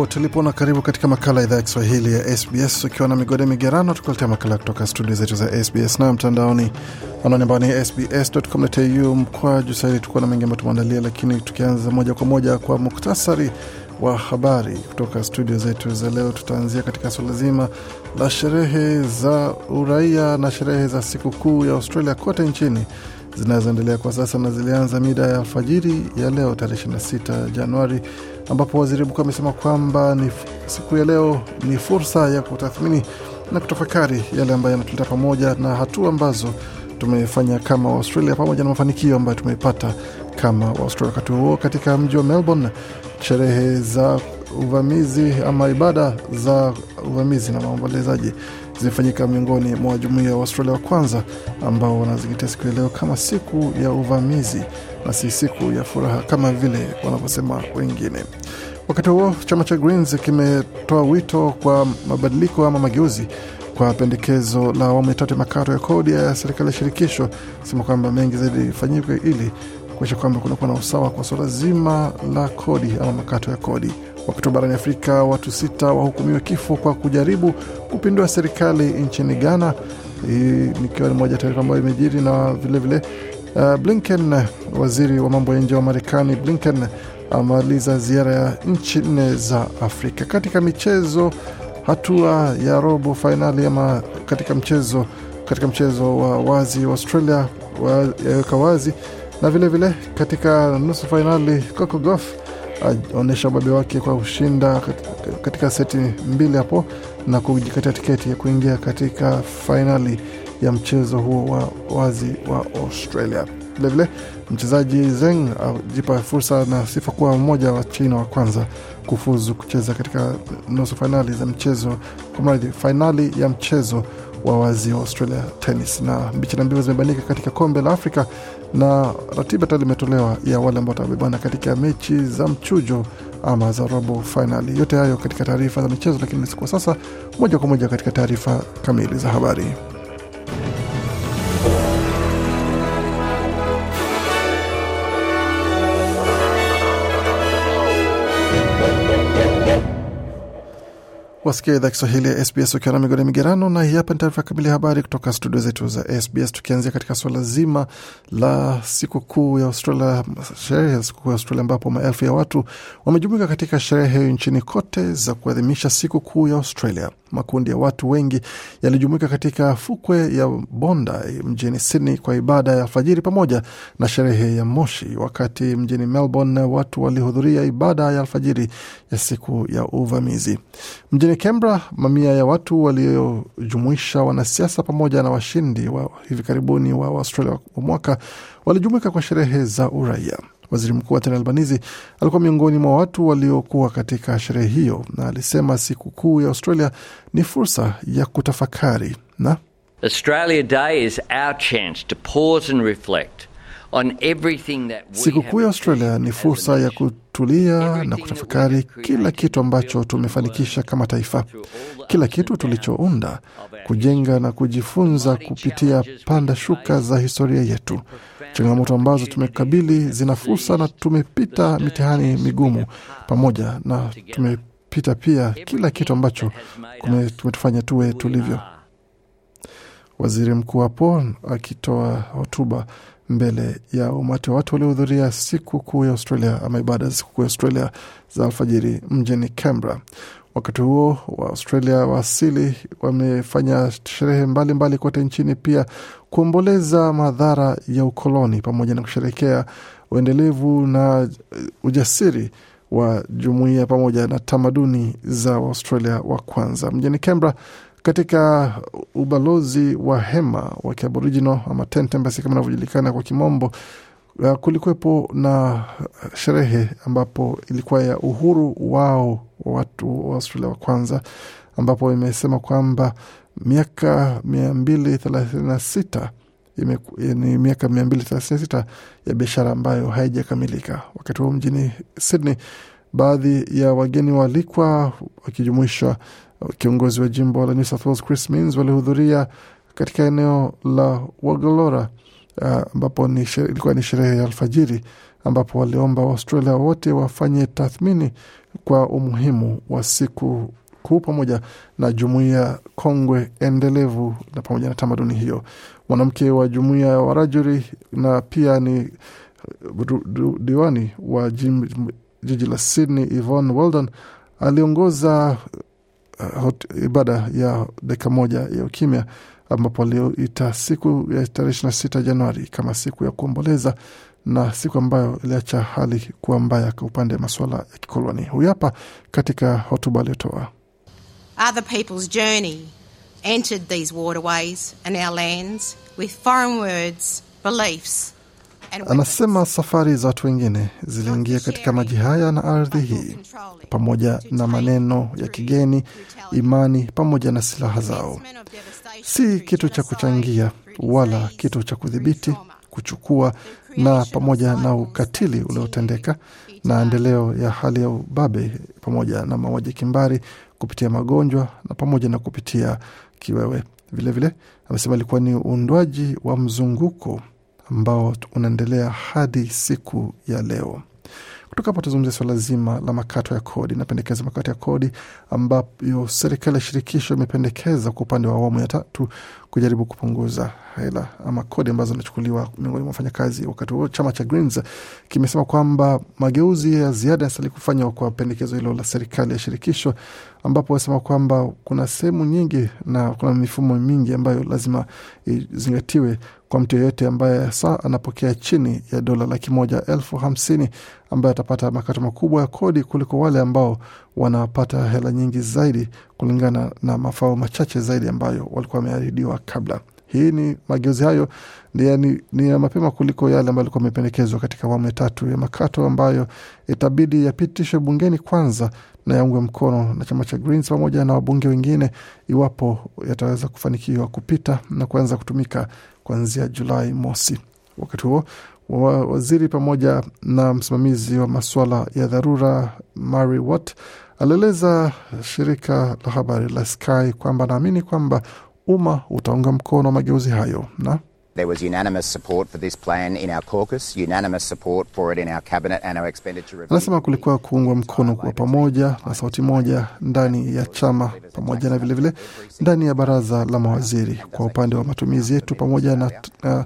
popote ulipo na karibu katika makala ya idhaa ya Kiswahili ya SBS ukiwa na migode migerano, tukuletea makala kutoka studio zetu za SBS na mtandaoni, anaoni ambao ni sbs.com.au juu sahili. Tukuwa na mengi ambayo tumeandalia, lakini tukianza moja kwa moja kwa muktasari wa habari kutoka studio zetu za leo, tutaanzia katika suala zima la sherehe za uraia na sherehe za sikukuu ya Australia kote nchini zinazoendelea kwa sasa na zilianza mida ya alfajiri ya leo tarehe 26 Januari ambapo waziri mkuu amesema kwamba siku ya leo ni fursa ya kutathmini na kutafakari yale ambayo yanatuleta pamoja na hatua ambazo tumefanya kama Waustralia pamoja na mafanikio ambayo tumeipata kama Waustralia. Wakati huo katika mji wa Melbourne, sherehe za uvamizi ama ibada za uvamizi na maombolezaji zimefanyika miongoni mwa jumuiya ya Waustralia wa kwanza ambao wanazingatia siku ya leo kama siku ya uvamizi na si siku ya furaha kama vile wanavyosema wengine. Wakati huo chama cha Greens kimetoa wito kwa mabadiliko ama mageuzi kwa pendekezo la awamu ya tatu ya makato ya kodi ya serikali ya shirikisho, sema kwamba mengi zaidi ifanyike ili kuakisha kwamba kunakuwa na usawa kwa suala zima la kodi ama makato ya kodi. Wakati barani Afrika, watu sita wahukumiwa kifo kwa kujaribu kupindua serikali nchini Ghana. Hii nikiwa ni moja taarifa ambayo imejiri na vilevile vile, uh, Blinken, waziri wa mambo ya nje wa Marekani Blinken amaliza ziara ya nchi nne za Afrika. Katika michezo, hatua ya robo fainali ama katika mchezo katika mchezo wa wazi wa Australia yaweka wazi na vilevile vile, katika nusu fainali Coco Gauff aonyesha ubabe wake kwa kushinda katika seti mbili hapo na kujikatia tiketi ya kuingia katika fainali ya mchezo huo wa wazi wa Australia. Vilevile mchezaji Zeng ajipa fursa na sifa kuwa mmoja wa China wa kwanza kufuzu kucheza katika nusu fainali za mchezo, mradhi fainali ya mchezo wa wazi wa Australia Tennis, na mbichi na mbivu zimebanika katika kombe la Afrika na ratiba tayari imetolewa ya wale ambao watabebana katika mechi za mchujo ama za robo fainali. Yote hayo katika taarifa za michezo, lakini si sasa, moja kwa moja katika taarifa kamili za habari. Wasikia idhaa Kiswahili ya SBS ukiwa na migode migerano, na hii hapa ni taarifa kamili ya habari kutoka studio zetu za SBS, tukianzia katika suala zima la sikukuu ya Australia, sherehe ya sikukuu ya Australia, ambapo maelfu ya watu wamejumuika katika sherehe nchini kote za kuadhimisha sikukuu ya Australia makundi ya watu wengi yalijumuika katika fukwe ya Bondi mjini Sydney kwa ibada ya alfajiri pamoja na sherehe ya moshi, wakati mjini Melbourne watu walihudhuria ibada ya alfajiri ya siku ya uvamizi. Mjini Canberra, mamia ya watu waliojumuisha wanasiasa pamoja na washindi wa hivi karibuni wa Australia wa mwaka walijumuika kwa sherehe za uraia. Waziri Mkuu Anthony Albanese alikuwa miongoni mwa watu waliokuwa katika sherehe hiyo, na alisema sikukuu ya Australia ni fursa ya kutafakari na Australia Day is our chance to pause and reflect Sikukuu ya Australia ni fursa ya kutulia na kutafakari kila kitu ambacho tumefanikisha kama taifa, kila kitu tulichounda, kujenga na kujifunza kupitia panda shuka za historia yetu. Changamoto ambazo tumekabili zina fursa, na tumepita mitihani migumu pamoja, na tumepita pia kila kitu ambacho tumetufanya tuwe tulivyo. Waziri mkuu hapo akitoa hotuba mbele ya umati wa watu waliohudhuria siku kuu ya Australia ama ibada za sikukuu ya Australia za alfajiri mjini Canberra. Wakati huo wa Australia wa asili wamefanya sherehe mbalimbali kote nchini pia kuomboleza madhara ya ukoloni pamoja na kusherekea uendelevu na eh, ujasiri wa jumuiya pamoja na tamaduni za Waustralia wa kwanza. Mjini Canberra, katika ubalozi wa hema wa Kiaboriginal ama tent embassy kama inavyojulikana kwa kimombo Eh, kulikuwepo na sherehe ambapo ilikuwa ya uhuru wao wa watu wa Australia wa kwanza, ambapo imesema kwamba miaka mia mbili thelathini na sita eh, ni miaka mia mbili thelathini na sita ya biashara ambayo haijakamilika. Wakati huo mjini Sydney, baadhi ya wageni waalikwa wakijumuishwa kiongozi wa jimbo la New South Wales Chris Minns walihudhuria katika eneo la Wagolora Ah, ambapo uh, ilikuwa ni sherehe ya alfajiri ambapo waliomba waustralia wote wafanye tathmini kwa umuhimu wa siku kuu pamoja na jumuia kongwe endelevu na pamoja na tamaduni hiyo. Mwanamke wa jumuia ya Warajuri na pia ni uh, diwani wa jiji la Sydney yvon Weldon aliongoza uh, hot, ibada ya dakika moja ya ukimya ambapo leo siku ya tarehe ishirini na sita Januari kama siku ya kuomboleza na siku ambayo iliacha hali kuwa mbaya kwa upande wa masuala ya kikoloni. Huyu hapa katika hotuba aliyotoa. Other people's journey entered these waterways and our lands with foreign words, beliefs Anasema safari za watu wengine ziliingia katika maji haya na ardhi hii, pamoja na maneno ya kigeni, imani, pamoja na silaha zao. Si kitu cha kuchangia wala kitu cha kudhibiti, kuchukua, na pamoja na ukatili uliotendeka na endeleo ya hali ya ubabe, pamoja na mauaji kimbari, kupitia magonjwa na pamoja na kupitia kiwewe. Vilevile amesema ilikuwa ni uundwaji wa mzunguko ambao unaendelea hadi siku ya leo. Kutoka hapo tuzungumzia swala zima la makato ya kodi na pendekezo makato ya kodi, ambayo serikali ya shirikisho imependekeza kwa upande wa awamu ya tatu kujaribu kupunguza hela ama kodi ambazo zinachukuliwa miongoni mwa wafanyakazi. Wakati huo chama cha Greens kimesema kwamba mageuzi ya ziada yastahili kufanywa kwa pendekezo hilo la serikali ya shirikisho, ambapo wasema kwamba kuna sehemu nyingi na kuna mifumo mingi ambayo lazima izingatiwe kwa mtu yeyote ambaye sa anapokea chini ya dola laki moja elfu hamsini ambaye atapata makato makubwa ya kodi kuliko wale ambao wanapata hela nyingi zaidi kulingana na mafao machache zaidi ambayo walikuwa wameahidiwa kabla. Hii ni mageuzi hayo ni, ni ya mapema kuliko yale ambayo alikuwa amependekezwa katika awamu ya tatu ya makato ambayo itabidi yapitishwe bungeni kwanza na yaungwe mkono na chama cha Greens pamoja na wabunge wengine iwapo yataweza kufanikiwa kupita na kuanza kutumika kuanzia Julai mosi. Wakati huo wa waziri pamoja na msimamizi wa masuala ya dharura Mary Watt alieleza shirika la habari la Sky kwamba anaamini kwamba umma utaunga mkono mageuzi hayo na There was unanimous support for this plan in our caucus, unanimous support for it in our cabinet and our expenditure review. Anasema kulikuwa kuungwa mkono kwa pamoja na sauti moja ndani ya chama pamoja na vilevile ndani ya baraza la mawaziri kwa upande wa matumizi yetu pamoja na uh,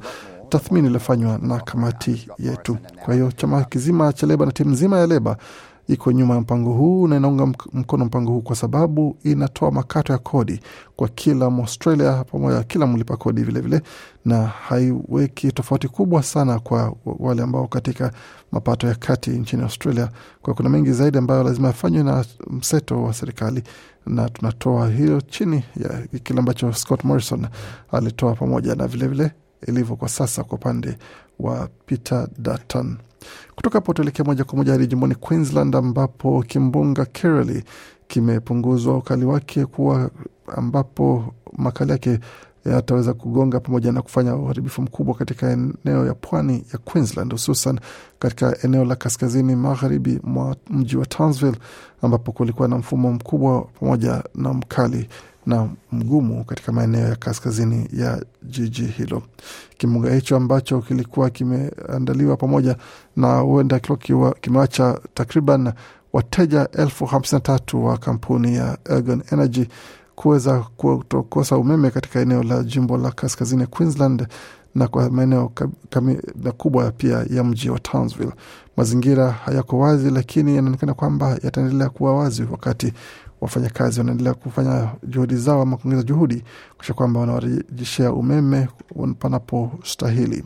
tathmini iliyofanywa na kamati yetu. Kwa hiyo chama kizima cha Leba na timu nzima ya Leba iko nyuma ya mpango huu na inaunga mkono mpango huu kwa sababu inatoa makato ya kodi kwa kila Mwaustralia pamoja kila mlipa kodi vilevile vile, na haiweki tofauti kubwa sana kwa wale ambao katika mapato ya kati nchini Australia, kwa kuna mengi zaidi ambayo lazima yafanywe na mseto wa serikali, na tunatoa hiyo chini ya kile ambacho Scott Morrison alitoa pamoja na vilevile ilivyo kwa sasa kwa upande wa Peter Dutton. Kutoka hapo tuelekea moja kwa moja hadi jumboni Queensland, ambapo kimbunga Kirrily kimepunguzwa ukali wake kuwa ambapo makali yake yataweza kugonga pamoja na kufanya uharibifu mkubwa katika eneo ya pwani ya Queensland, hususan katika eneo la kaskazini magharibi mwa mji wa Townsville ambapo kulikuwa na mfumo mkubwa pamoja na mkali na mgumu katika maeneo ya kaskazini ya jiji hilo. Kimbunga hicho ambacho kilikuwa kimeandaliwa pamoja na huenda kimewacha takriban wateja elfu hamsini na tatu wa kampuni ya Ergon Energy kuweza kutokosa umeme katika eneo la jimbo la kaskazini Queensland na kwa maeneo makubwa pia ya mji wa Townsville. Mazingira hayako wazi, lakini yanaonekana kwamba yataendelea kuwa wazi wakati wafanyakazi wanaendelea kufanya juhudi zao ama kuongeza juhudi kuisha kwamba wanawarejeshea umeme panapostahili.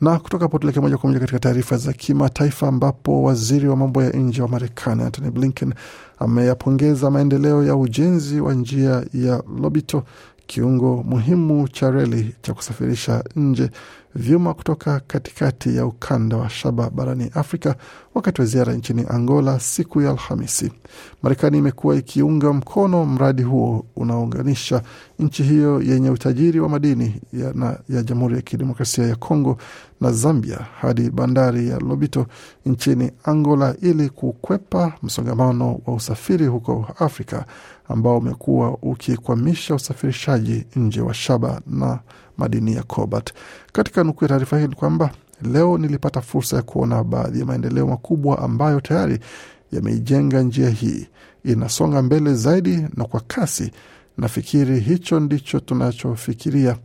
Na kutoka hapo tuelekee moja kwa moja katika taarifa za kimataifa ambapo waziri wa mambo ya nje wa Marekani Antony Blinken ameyapongeza maendeleo ya ujenzi wa njia ya Lobito, kiungo muhimu cha reli cha kusafirisha nje vyuma kutoka katikati ya ukanda wa shaba barani Afrika wakati wa ziara nchini Angola siku ya Alhamisi. Marekani imekuwa ikiunga mkono mradi huo unaounganisha nchi hiyo yenye utajiri wa madini ya, na, ya Jamhuri ya Kidemokrasia ya Kongo na Zambia hadi bandari ya Lobito nchini Angola ili kukwepa msongamano wa usafiri huko Afrika ambao umekuwa ukikwamisha usafirishaji nje wa shaba na madini ya cobalt. Katika katika nukuu ya taarifa hii ni kwamba leo nilipata fursa ya kuona baadhi ya maendeleo makubwa ambayo tayari yameijenga njia hii, inasonga mbele zaidi na kwa kasi. Nafikiri hicho ndicho tunachofikiria,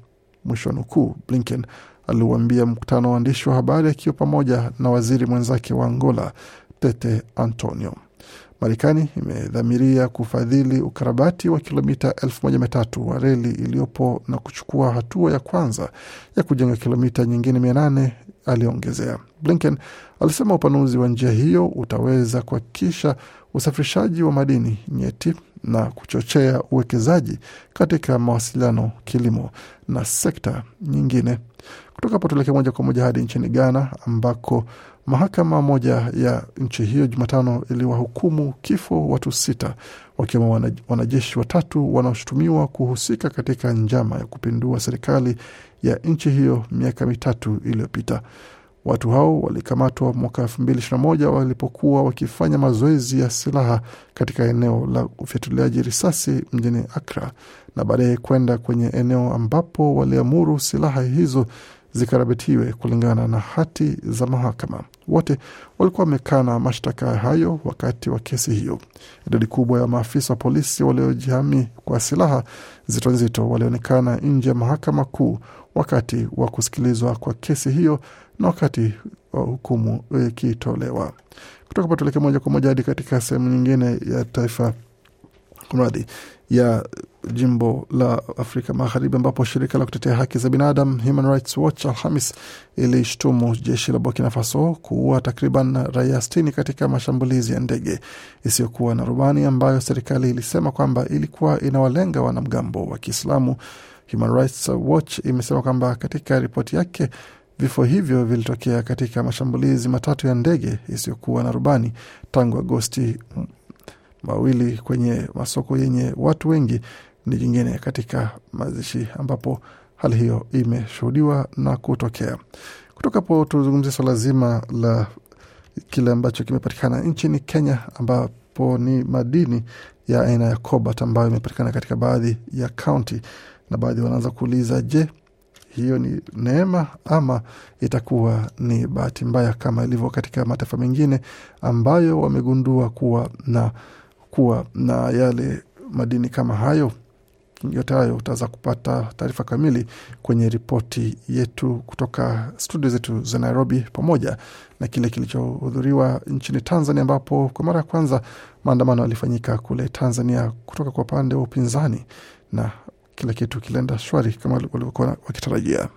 mwisho wa nukuu. Blinken aliuambia mkutano wa waandishi wa habari akiwa pamoja na waziri mwenzake wa Angola Tete Antonio. Marekani imedhamiria kufadhili ukarabati wa kilomita tatu wa reli iliyopo na kuchukua hatua ya kwanza ya kujenga kilomita nyingine nane aliongezea. Blinken alisema upanuzi wa njia hiyo utaweza kuhakikisha usafirishaji wa madini nyeti na kuchochea uwekezaji katika mawasiliano, kilimo na sekta nyingine. Kutoka hapo tuelekee moja kwa moja hadi nchini Ghana ambako mahakama moja ya nchi hiyo Jumatano iliwahukumu kifo watu sita wakiwemo wanajeshi watatu wanaoshutumiwa kuhusika katika njama ya kupindua serikali ya nchi hiyo miaka mitatu iliyopita. Watu hao walikamatwa mwaka moja walipokuwa wakifanya mazoezi ya silaha katika eneo la ufyatuliaji risasi mjini Akra na baadaye kwenda kwenye eneo ambapo waliamuru silaha hizo zikarabitiwe kulingana na hati za mahakama. Wote walikuwa wamekana mashtaka hayo wakati wa kesi hiyo. Idadi kubwa ya maafisa wa polisi waliojihami kwa silaha zito nzito walionekana nje ya mahakama kuu wakati wa kusikilizwa kwa kesi hiyo na wakati wa hukumu ikitolewa. Kutoka patoleke moja kwa moja hadi katika sehemu nyingine ya taifa mradhi ya jimbo la Afrika Magharibi ambapo shirika la kutetea haki za binadamu Human Rights Watch Alhamis ilishtumu jeshi la Burkina Faso kuua takriban raia s katika mashambulizi ya ndege isiyokuwa na rubani ambayo serikali ilisema kwamba ilikuwa inawalenga wanamgambo wa Kiislamu Human Rights Watch imesema kwamba katika ripoti yake vifo hivyo vilitokea katika mashambulizi matatu ya ndege isiyokuwa na rubani tangu Agosti mawili kwenye masoko yenye watu wengi ni jingine katika mazishi ambapo hali hiyo imeshuhudiwa na kutokea. Kutoka po tuzungumzie swala zima la kile ambacho kimepatikana nchini Kenya, ambapo ni madini ya aina ya cobalt ambayo imepatikana katika baadhi ya kaunti na baadhi wanaanza kuuliza je, hiyo ni neema ama itakuwa ni bahati mbaya kama ilivyo katika mataifa mengine ambayo wamegundua kuwa na kuwa na yale madini kama hayo. Yote hayo utaweza kupata taarifa kamili kwenye ripoti yetu kutoka studio zetu za Nairobi, pamoja na kile kilichohudhuriwa nchini Tanzania, ambapo kwa mara ya kwanza maandamano yalifanyika kule Tanzania kutoka kwa upande wa upinzani na kila kitu kilienda shwari kama walivyokuwa wakitarajia.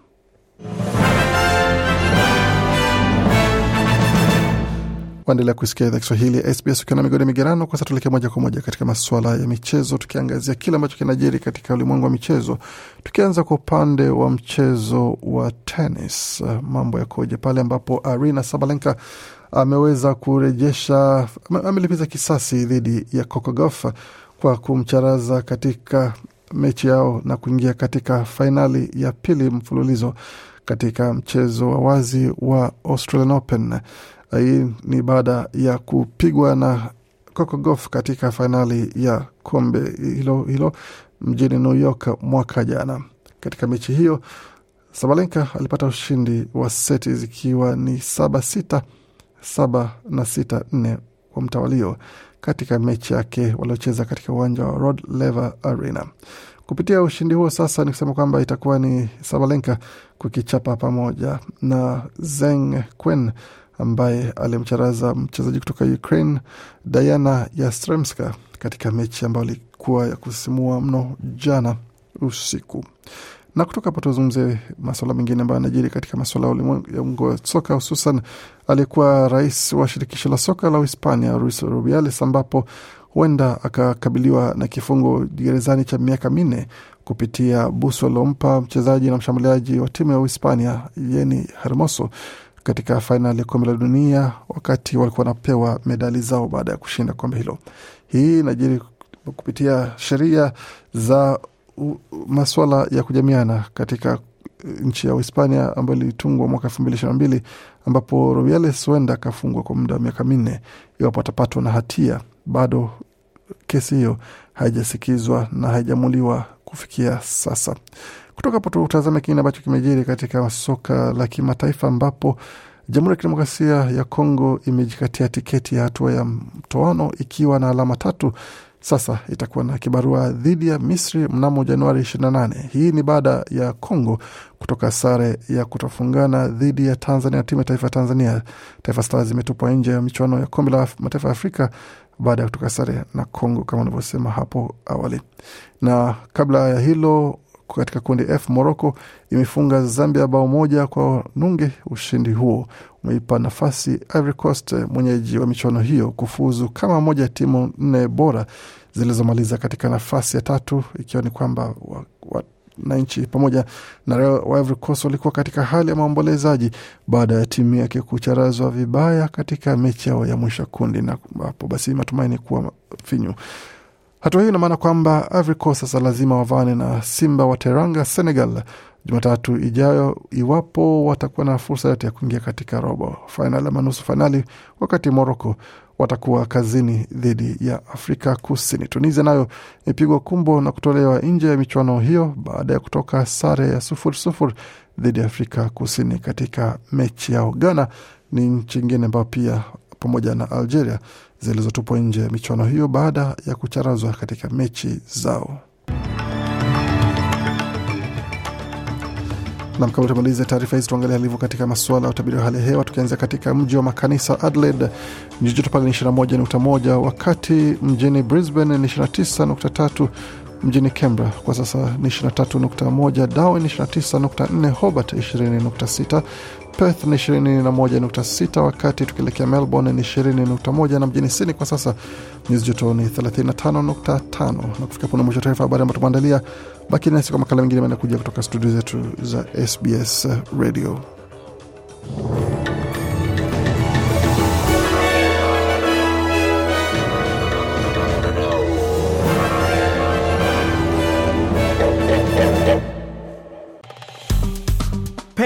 Waendelea kusikia idhaa Kiswahili ya SBS ukiwa na migodi migerano. Kwa sasa moja kwa moja katika masuala ya michezo, tukiangazia kile ambacho kinajiri katika ulimwengu wa michezo, tukianza kwa upande wa mchezo wa tenis. Uh, mambo yakoje pale ambapo Arina Sabalenka ameweza kurejesha, amelipiza kisasi dhidi ya Coco Gauff kwa kumcharaza katika mechi yao na kuingia katika fainali ya pili mfululizo katika mchezo wa wazi wa Australian Open. Hii ni baada ya kupigwa na Coco Gauff katika fainali ya kombe hilo hilo mjini New York mwaka jana. Katika mechi hiyo Sabalenka alipata ushindi wa seti zikiwa ni saba sita saba na sita nne kwa mtawalio katika mechi yake waliocheza katika uwanja wa Rod Laver Arena. Kupitia ushindi huo sasa ni kusema kwamba itakuwa ni Sabalenka kukichapa pamoja na Zeng Quen ambaye alimcharaza mchezaji kutoka Ukraine Diana Yastremska katika mechi ambayo ilikuwa ya kusisimua mno jana usiku. Na kutoka hapo tuzungumze masuala mengine ambayo yanajiri katika masuala ya ulimwengu wa soka, hususan aliyekuwa rais wa shirikisho la soka la Uhispania Luis Rubiales, ambapo huenda akakabiliwa na kifungo gerezani cha miaka minne kupitia busu aliompa mchezaji na mshambuliaji wa timu ya Uhispania Jenny Hermoso katika fainali ya kombe la dunia wakati walikuwa wanapewa medali zao baada ya kushinda kombe hilo. Hii inajiri kupitia sheria za maswala ya kujamiana katika eh, nchi ya Uhispania ambayo ilitungwa mwaka elfu mbili ishirini na mbili ambapo Rubiales huenda akafungwa kwa muda wa miaka minne iwapo atapatwa na hatia. Bado kesi hiyo haijasikizwa na haijamuliwa kufikia sasa. Kutoka hapo tutazame kingine ambacho kimejiri katika soka la kimataifa ambapo Jamhuri ya Kidemokrasia ya Kongo imejikatia tiketi ya hatua ya mtoano ikiwa na alama tatu sasa itakuwa na kibarua dhidi ya Misri mnamo Januari 28. Hii ni baada ya Congo kutoka sare ya kutofungana dhidi ya Tanzania. Timu ya taifa ya Tanzania, Taifa Stars, imetupwa nje ya michuano ya kombe la mataifa ya Afrika baada ya kutoka sare na Congo kama unavyosema hapo awali. Na kabla ya hilo katika kundi F moroco imefunga Zambia bao moja kwa nunge. Ushindi huo umeipa nafasi Ivory Coast, eh, mwenyeji wa michuano hiyo, kufuzu kama moja ya timu nne bora zilizomaliza katika nafasi ya tatu, ikiwa ni kwamba wananchi pamoja na raia wa Ivory Coast walikuwa katika hali ya maombolezaji baada ya timu yake kucharazwa vibaya katika mechi yao ya mwisho kundi, na hapo basi matumaini kuwa finyu. Hatua hiyo ina maana kwamba Ivory Coast sasa lazima wavane na Simba wa Teranga Senegal Jumatatu ijayo iwapo watakuwa na fursa yote ya kuingia katika robo fainali ama nusu fainali, wakati Moroko watakuwa kazini dhidi ya Afrika Kusini. Tunisia nayo imepigwa kumbo na kutolewa nje ya michuano hiyo baada ya kutoka sare ya sufuri sufuri dhidi ya Afrika Kusini katika mechi yao. Ghana ni nchi ingine ambayo pia pamoja na Algeria zilizotupwa nje ya michuano hiyo baada ya kucharazwa katika mechi zao. Nam, kabla tumalize taarifa hizi, tuangalia alivyo katika masuala ya utabiri wa hali ya hewa, tukianzia katika mji wa makanisa Adelaide, nyuzi joto pale ni 21.1, wakati mjini Brisbane ni 29.3, mjini Canberra kwa sasa ni 23.1, Darwin 29.4, Hobart 20.6, Perth ni 21.6, wakati tukielekea Melbourne ni 20.1, na mjini Sydney kwa sasa nyuzi joto ni 35.5. Na kufika puna mwisho taarifa habari ambayo tumeandalia. Baki nasi kwa makala mengine manakuja kutoka studio zetu za SBS Radio.